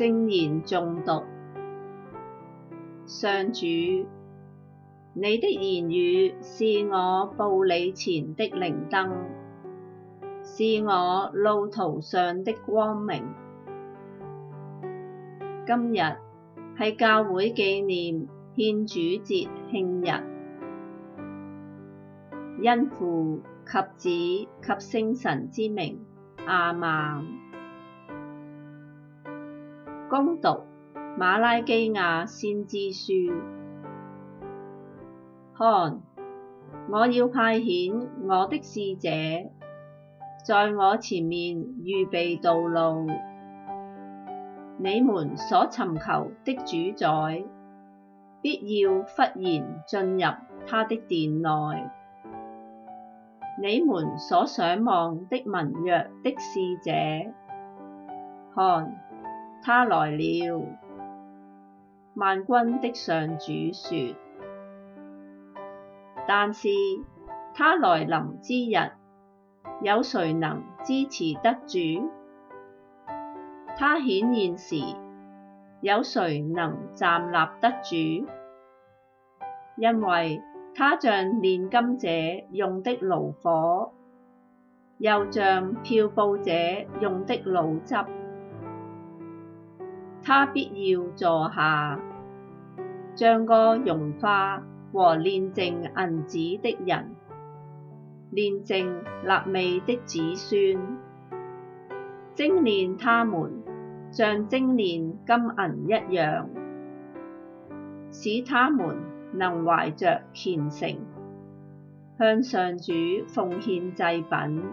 聖言誦讀，上主，你的言語是我步履前的靈燈，是我路途上的光明。今日係教會紀念獻主節慶日，因父及子及聖神之名，阿曼。恭讀《瑪拉基亞先知書》，看，我要派遣我的使者，在我前面預備道路，你們所尋求的主宰，必要忽然進入他的殿內，你們所想望的盟約的使者，看！他來了，萬軍的上主說。但是他來臨之日，有誰能支持得住？他顯現時，有誰能站立得住？因為他像煉金者用的爐火，又像漂布者用的滷汁。他必要坐下，像個溶化和煉淨銀子的人，煉淨肋未的子孫，精煉他們，像精煉金銀一樣，使他們能懷着虔誠向上主奉獻祭品，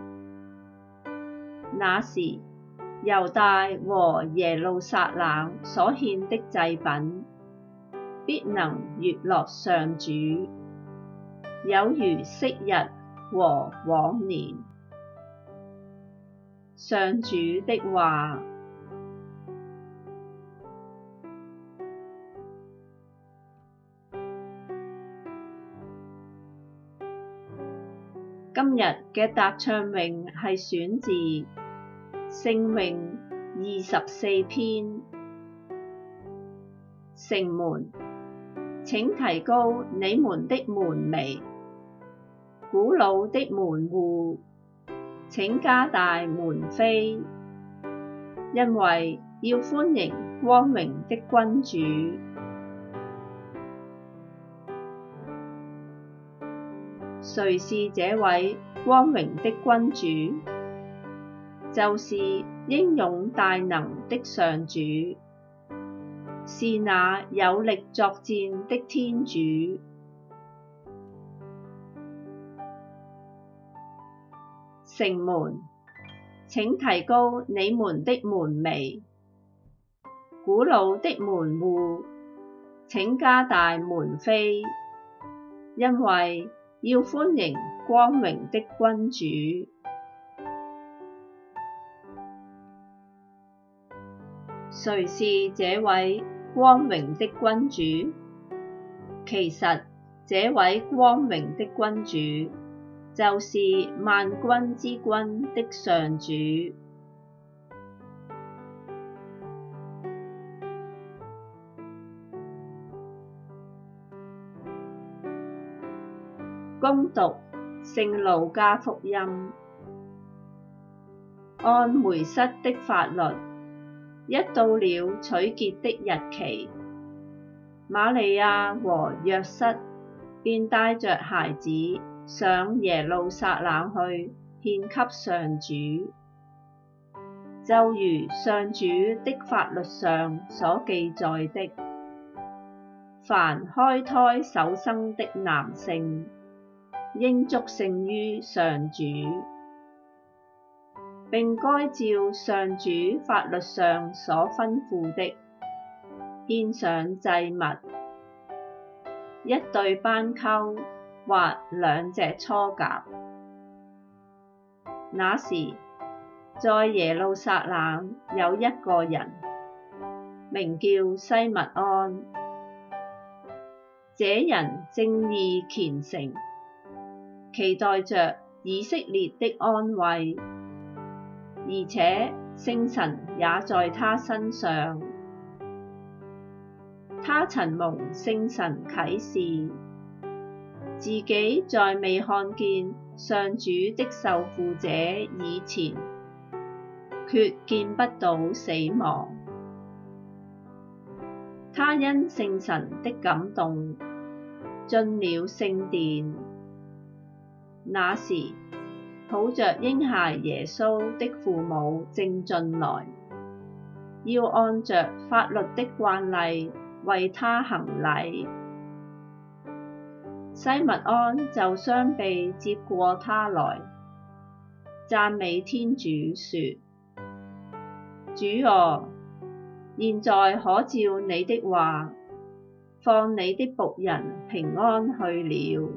那時，猶大和耶路撒冷所獻的祭品，必能悅樂上主，有如昔日和往年。上主的話：今日嘅答唱詠係選自。聖詠二十四篇，城門，請提高你們的門楣，古老的門戶，請加大門扉，因為要歡迎光榮的君主。誰是這位光榮的君主？就是英勇大能的上主，是那有力作戰的天主。城門，請提高你們的門楣，古老的門戶，請加大門扉，因為要歡迎光榮的君主。誰是這位光榮的君主？其實這位光榮的君主，就是萬軍之君的上主。恭讀聖路加福音，按梅瑟的法律。一到了取潔的日期，瑪利亞和若瑟便帶著孩子上耶路撒冷去獻給上主，就如上主的法律上所記載的：凡開胎首生的男性，應祝聖於上主。並該照上主法律上所吩咐的，獻上祭物，一對斑鳩或兩隻鶵鴿。那時，在耶路撒冷有一個人，名叫西默盎，這人正義虔誠，期待着以色列的安慰。而且聖神也在他身上，他曾蒙聖神啟示，自己在未看見上主的受傅者以前，決見不到死亡。他因聖神的感動進了聖殿，那時，抱著嬰孩耶穌的父母正進來，要按着法律的慣例為他行禮。西默盎就雙臂接過他來，讚美天主說：主哦、啊，現在可照你的話，放你的僕人平安去了，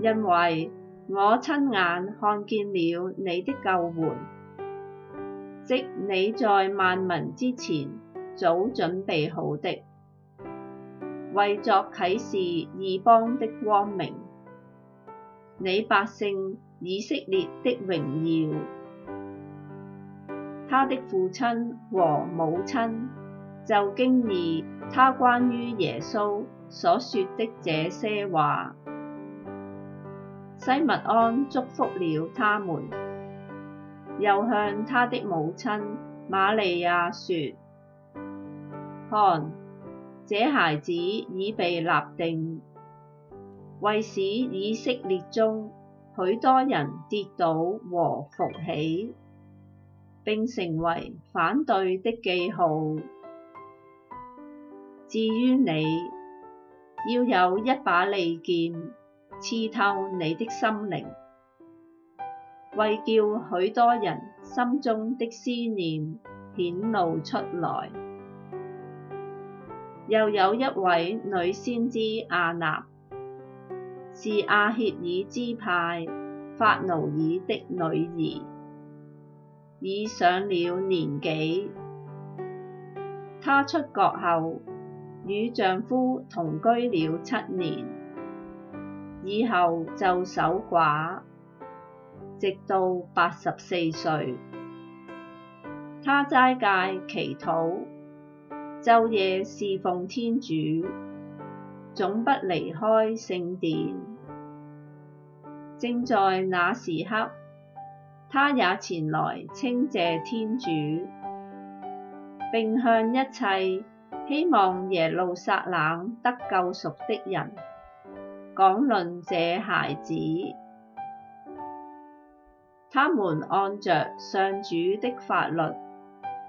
因為。我親眼看見了你的救援，即你在萬民之前早準備好的，為作啟示異邦的光明，你百姓以色列的榮耀。他的父親和母親就驚異他關於耶穌所說的這些話。西默盎祝福了他們，又向他的母親瑪利亞說，看，這孩子已被立定，為使以色列中許多人跌倒和復起，並成為反對的記號。至於你，要有一把利劍，刺透你的心靈，為叫許多人心中的思念顯露出來。又有一位女先知亞納，是阿協爾支派法奴耳的女兒，已上了年紀。她出閣後，與丈夫同居了七年。以後就守寡，直到八十四歲。他齋戒、祈禱、晝夜侍奉天主，總不離開聖殿。正在那時刻，他也前來稱謝天主，並向一切希望耶路撒冷得救贖的人，講論這孩子。他們按着上主的法律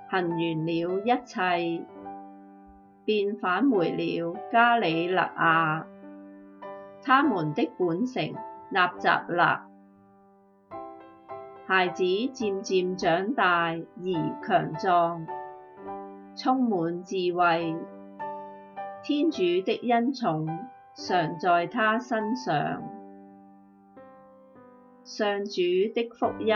行完了一切，便返回了加里肋亞，他們的本城納匝肋。孩子漸漸長大而強壯，充滿智慧，天主的恩寵常在他身上。上主的福音。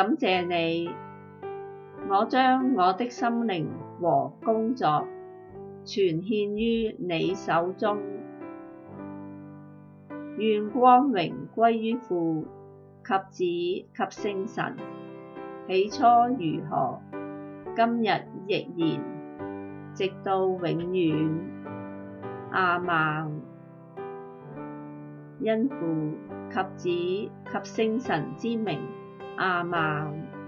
感謝你，我將我的心靈和工作全獻於你手中，願光榮歸於父及子及聖神，起初如何，今日亦然，直到永遠。阿曼，因父及子及聖神之名。亞孟。